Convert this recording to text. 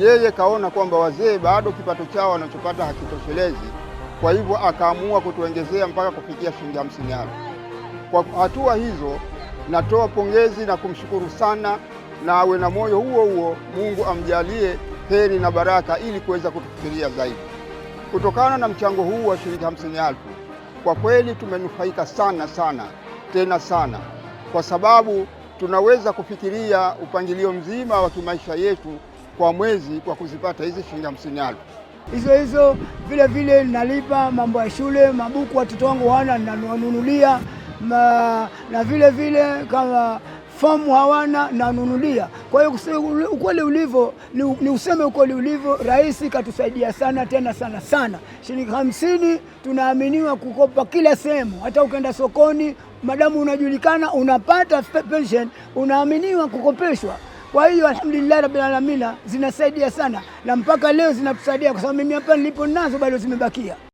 yeye kaona kwamba wazee bado kipato chao wanachopata hakitoshelezi, kwa hivyo akaamua kutuongezea mpaka kufikia shilingi hamsini elfu. Kwa hatua hizo, natoa pongezi na kumshukuru sana, na awe na moyo huo huo, Mungu amjalie heri na baraka ili kuweza kutufikiria zaidi. Kutokana na mchango huu wa shilingi hamsini elfu, kwa kweli tumenufaika sana sana tena sana, kwa sababu tunaweza kufikiria upangilio mzima wa kimaisha yetu kwa mwezi kwa kuzipata hizi shilingi hamsini elfu hizo hizo. Vile vile nalipa mambo ya shule, mabuku watoto wangu hawana, nanunulia na, na vile vile kama famu hawana nanunulia. Kwa hiyo ukweli ulivyo ni, ni useme ukweli ulivyo, Rais katusaidia sana tena sana sana. Shilingi hamsini tunaaminiwa kukopa kila sehemu, hata ukenda sokoni, madamu unajulikana, unapata pension, unaaminiwa kukopeshwa. Kwa hiyo alhamdulillah rabbil alamina zinasaidia sana, na mpaka leo zinatusaidia kwa sababu mimi hapa nilipo nazo bado zimebakia.